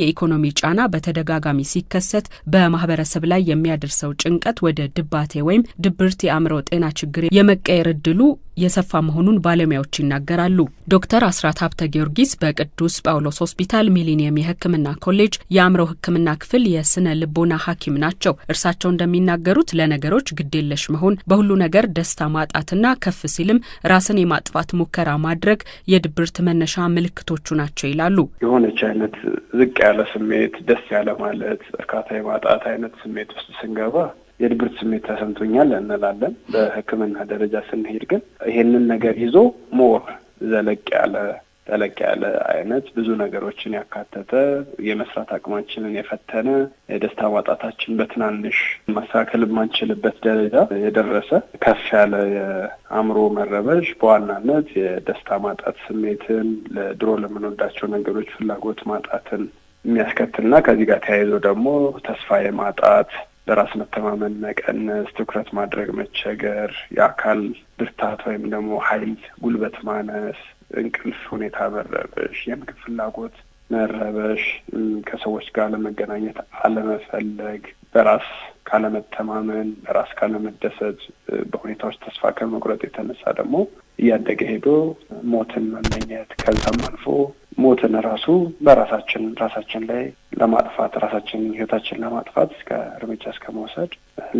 የኢኮኖሚ ጫና በተደጋጋሚ ሲከሰት በማህበረሰብ ላይ የሚያደርሰው ጭንቀት ወደ ድባቴ ወይም ድብርት የአእምሮ ጤና ችግር የመቀየር እድሉ የሰፋ መሆኑን ባለሙያዎች ይናገራሉ። ዶክተር አስራት ሀብተ ጊዮርጊስ በቅዱስ ጳውሎስ ሆስፒታል ሚሊኒየም የሕክምና ኮሌጅ የአእምሮ ሕክምና ክፍል የስነ ልቦና ሐኪም ናቸው። እርሳቸው እንደሚናገሩት ለነገሮች ግዴለሽ መሆን፣ በሁሉ ነገር ደስታ ማጣትና ከፍ ሲልም ራስን የማጥፋት ሙከራ ማድረግ የድብርት መነሻ ምልክቶቹ ናቸው ይላሉ። የሆነች አይነት ዝቅ ያለ ስሜት፣ ደስ ያለ ማለት፣ እርካታ የማጣት አይነት ስሜት ውስጥ ስንገባ የድብርት ስሜት ተሰምቶኛል እንላለን። በህክምና ደረጃ ስንሄድ ግን ይሄንን ነገር ይዞ ሞር ዘለቅ ያለ ጠለቅ ያለ አይነት ብዙ ነገሮችን ያካተተ የመስራት አቅማችንን የፈተነ የደስታ ማጣታችን በትናንሽ ማስተካከል የማንችልበት ደረጃ የደረሰ ከፍ ያለ የአእምሮ መረበሽ በዋናነት የደስታ ማጣት ስሜትን ለድሮ ለምንወዳቸው ነገሮች ፍላጎት ማጣትን የሚያስከትልና ከዚህ ጋር ተያይዞ ደግሞ ተስፋ የማጣት በራስ መተማመን መቀነስ፣ ትኩረት ማድረግ መቸገር፣ የአካል ብርታት ወይም ደግሞ ኃይል ጉልበት ማነስ፣ እንቅልፍ ሁኔታ መረበሽ፣ የምግብ ፍላጎት መረበሽ፣ ከሰዎች ጋር ለመገናኘት አለመፈለግ፣ በራስ ካለመተማመን፣ በራስ ካለመደሰት፣ በሁኔታዎች ተስፋ ከመቁረጥ የተነሳ ደግሞ እያደገ ሄዶ ሞትን መመኘት ከዛም አልፎ ሞትን ራሱ በራሳችን ራሳችን ላይ ለማጥፋት ራሳችን ህይወታችን ለማጥፋት እስከ እርምጃ እስከ መውሰድ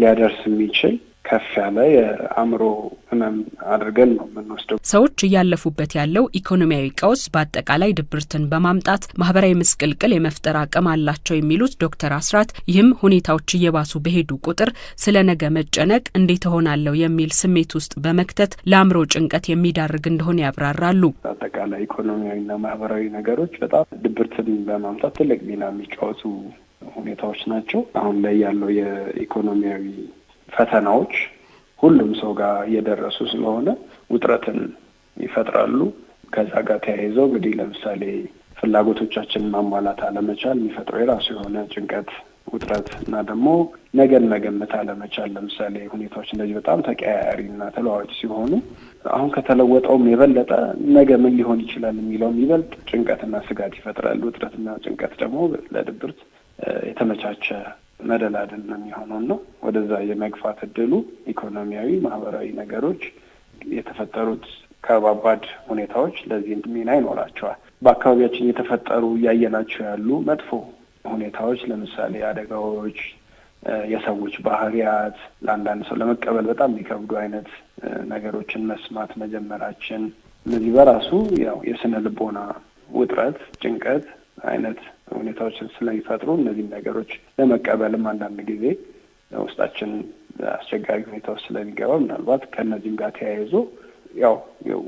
ሊያደርስ የሚችል ከፍ ያለ የአእምሮ ህመም አድርገን ነው የምንወስደው። ሰዎች እያለፉበት ያለው ኢኮኖሚያዊ ቀውስ በአጠቃላይ ድብርትን በማምጣት ማህበራዊ ምስቅልቅል የመፍጠር አቅም አላቸው የሚሉት ዶክተር አስራት ይህም ሁኔታዎች እየባሱ በሄዱ ቁጥር ስለ ነገ መጨነቅ እንዴት እሆናለሁ የሚል ስሜት ውስጥ በመክተት ለአእምሮ ጭንቀት የሚዳርግ እንደሆነ ያብራራሉ። በአጠቃላይ ኢኮኖሚያዊና ማህበራዊ ነገሮች በጣም ድብርትን በማምጣት ትልቅ ሚና የሚጫወቱ ሁኔታዎች ናቸው። አሁን ላይ ያለው የኢኮኖሚያዊ ፈተናዎች ሁሉም ሰው ጋር እየደረሱ ስለሆነ ውጥረትን ይፈጥራሉ። ከዛ ጋር ተያይዘው እንግዲህ ለምሳሌ ፍላጎቶቻችንን ማሟላት አለመቻል የሚፈጥረው የራሱ የሆነ ጭንቀት ውጥረት እና ደግሞ ነገን መገመት አለመቻል። ለምሳሌ ሁኔታዎች እንደዚህ በጣም ተቀያያሪ እና ተለዋዋጭ ሲሆኑ አሁን ከተለወጠውም የበለጠ ነገ ምን ሊሆን ይችላል የሚለውም ይበልጥ ጭንቀትና ስጋት ይፈጥራል። ውጥረትና ጭንቀት ደግሞ ለድብርት የተመቻቸ መደላድል ነው የሚሆነው ነው ወደዛ የመግፋት እድሉ ኢኮኖሚያዊ፣ ማህበራዊ ነገሮች የተፈጠሩት ከባባድ ሁኔታዎች ለዚህ ሚና ይኖራቸዋል። በአካባቢያችን የተፈጠሩ እያየናቸው ያሉ መጥፎ ሁኔታዎች ለምሳሌ አደጋዎች፣ የሰዎች ባህሪያት ለአንዳንድ ሰው ለመቀበል በጣም የሚከብዱ አይነት ነገሮችን መስማት መጀመራችን እነዚህ በራሱ ያው የስነ ልቦና ውጥረት፣ ጭንቀት አይነት ሁኔታዎችን ስለሚፈጥሩ እነዚህ ነገሮች ለመቀበልም አንዳንድ ጊዜ ውስጣችን አስቸጋሪ ሁኔታ ውስጥ ስለሚገባ ምናልባት ከእነዚህም ጋር ተያይዞ ያው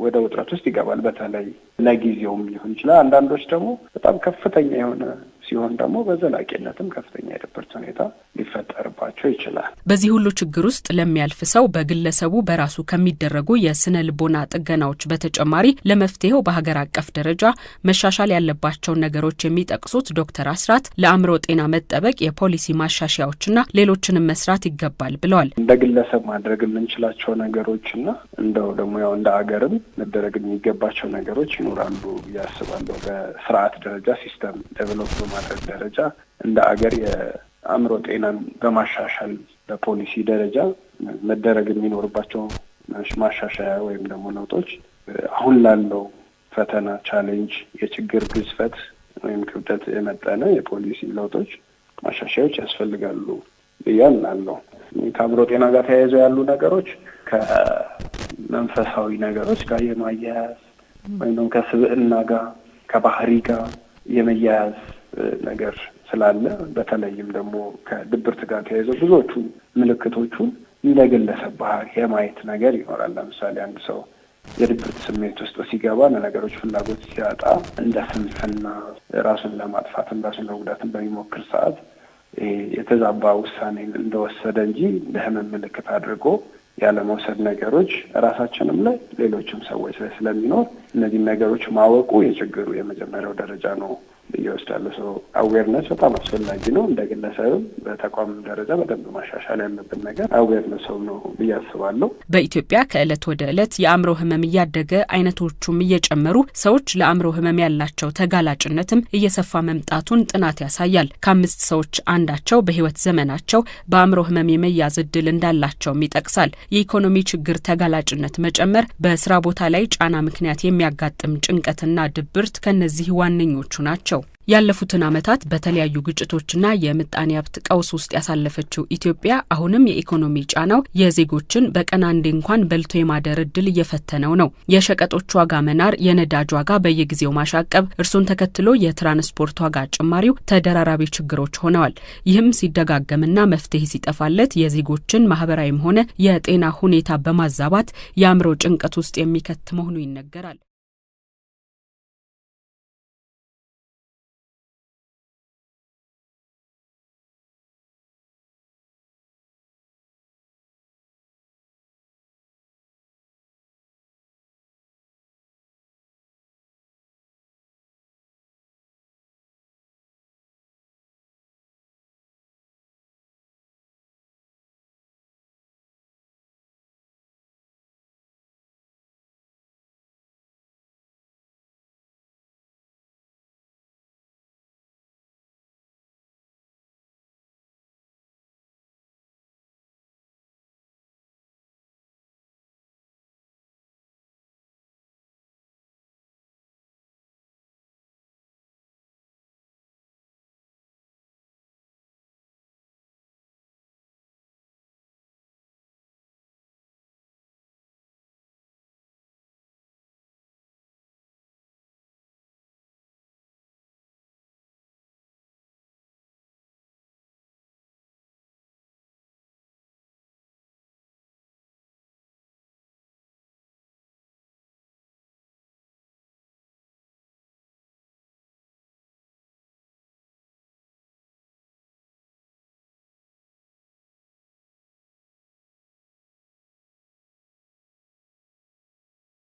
ወደ ውጥረት ውስጥ ይገባል። በተለይ ለጊዜውም ሊሆን ይችላል። አንዳንዶች ደግሞ በጣም ከፍተኛ የሆነ ሲሆን ደግሞ በዘላቂነትም ከፍተኛ የድብርት ሁኔታ ሊፈጠርባቸው ይችላል። በዚህ ሁሉ ችግር ውስጥ ለሚያልፍ ሰው በግለሰቡ በራሱ ከሚደረጉ የስነ ልቦና ጥገናዎች በተጨማሪ ለመፍትሄው በሀገር አቀፍ ደረጃ መሻሻል ያለባቸውን ነገሮች የሚጠቅሱት ዶክተር አስራት ለአእምሮ ጤና መጠበቅ የፖሊሲ ማሻሻያዎችና ሌሎችንም መስራት ይገባል ብለዋል። እንደ ግለሰብ ማድረግ የምንችላቸው ነገሮችና እንደው ደግሞ ያው እንደ ሀገርም መደረግ የሚገባቸው ነገሮች ይኖራሉ ያስባለሁ። በስርዓት ደረጃ ሲስተም ዴቨሎፕ በማድረግ ደረጃ እንደ አገር የአእምሮ ጤናን በማሻሻል በፖሊሲ ደረጃ መደረግ የሚኖርባቸው ማሻሻያ ወይም ደግሞ ለውጦች አሁን ላለው ፈተና ቻሌንጅ፣ የችግር ግዝፈት ወይም ክብደት የመጠነ የፖሊሲ ለውጦች ማሻሻያዎች ያስፈልጋሉ ብዬ ከአእምሮ ጤና ጋር ተያይዘው ያሉ ነገሮች ከመንፈሳዊ ነገሮች ጋር የማያያዝ ወይም ደግሞ ከስብዕና ጋር ከባህሪ ጋር የመያያዝ ነገር ስላለ በተለይም ደግሞ ከድብርት ጋር ተያይዘው ብዙዎቹ ምልክቶቹን እንደ ግለሰብ ባህሪ የማየት ነገር ይኖራል። ለምሳሌ አንድ ሰው የድብርት ስሜት ውስጥ ሲገባ ለነገሮች ፍላጎት ሲያጣ፣ እንደ ስንፍና ራሱን ለማጥፋትን ራሱን ለጉዳትን በሚሞክር ሰዓት የተዛባ ውሳኔ እንደወሰደ እንጂ ለህመም ምልክት አድርጎ ያለመውሰድ ነገሮች ራሳችንም ላይ ሌሎችም ሰዎች ላይ ስለሚኖር እነዚህ ነገሮች ማወቁ የችግሩ የመጀመሪያው ደረጃ ነው ብዬ ሰው አዌርነስ በጣም አስፈላጊ ነው። እንደ ግለሰብም በተቋም ደረጃ በደንብ ማሻሻል ያለብን ነገር አዌርነስ ሰው ነው ብዬ አስባለሁ። በኢትዮጵያ ከእለት ወደ እለት የአእምሮ ህመም እያደገ አይነቶቹም እየጨመሩ ሰዎች ለአእምሮ ህመም ያላቸው ተጋላጭነትም እየሰፋ መምጣቱን ጥናት ያሳያል። ከአምስት ሰዎች አንዳቸው በህይወት ዘመናቸው በአእምሮ ህመም የመያዝ እድል እንዳላቸውም ይጠቅሳል። የኢኮኖሚ ችግር ተጋላጭነት መጨመር፣ በስራ ቦታ ላይ ጫና ምክንያት የሚያጋጥም ጭንቀትና ድብርት ከነዚህ ዋነኞቹ ናቸው። ያለፉትን ዓመታት በተለያዩ ግጭቶችና የምጣኔ ሀብት ቀውስ ውስጥ ያሳለፈችው ኢትዮጵያ አሁንም የኢኮኖሚ ጫናው የዜጎችን በቀን አንዴ እንኳን በልቶ የማደር እድል እየፈተነው ነው። የሸቀጦች ዋጋ መናር፣ የነዳጅ ዋጋ በየጊዜው ማሻቀብ፣ እርሱን ተከትሎ የትራንስፖርት ዋጋ ጭማሪው ተደራራቢ ችግሮች ሆነዋል። ይህም ሲደጋገምና መፍትሄ ሲጠፋለት የዜጎችን ማህበራዊም ሆነ የጤና ሁኔታ በማዛባት የአእምሮ ጭንቀት ውስጥ የሚከት መሆኑ ይነገራል።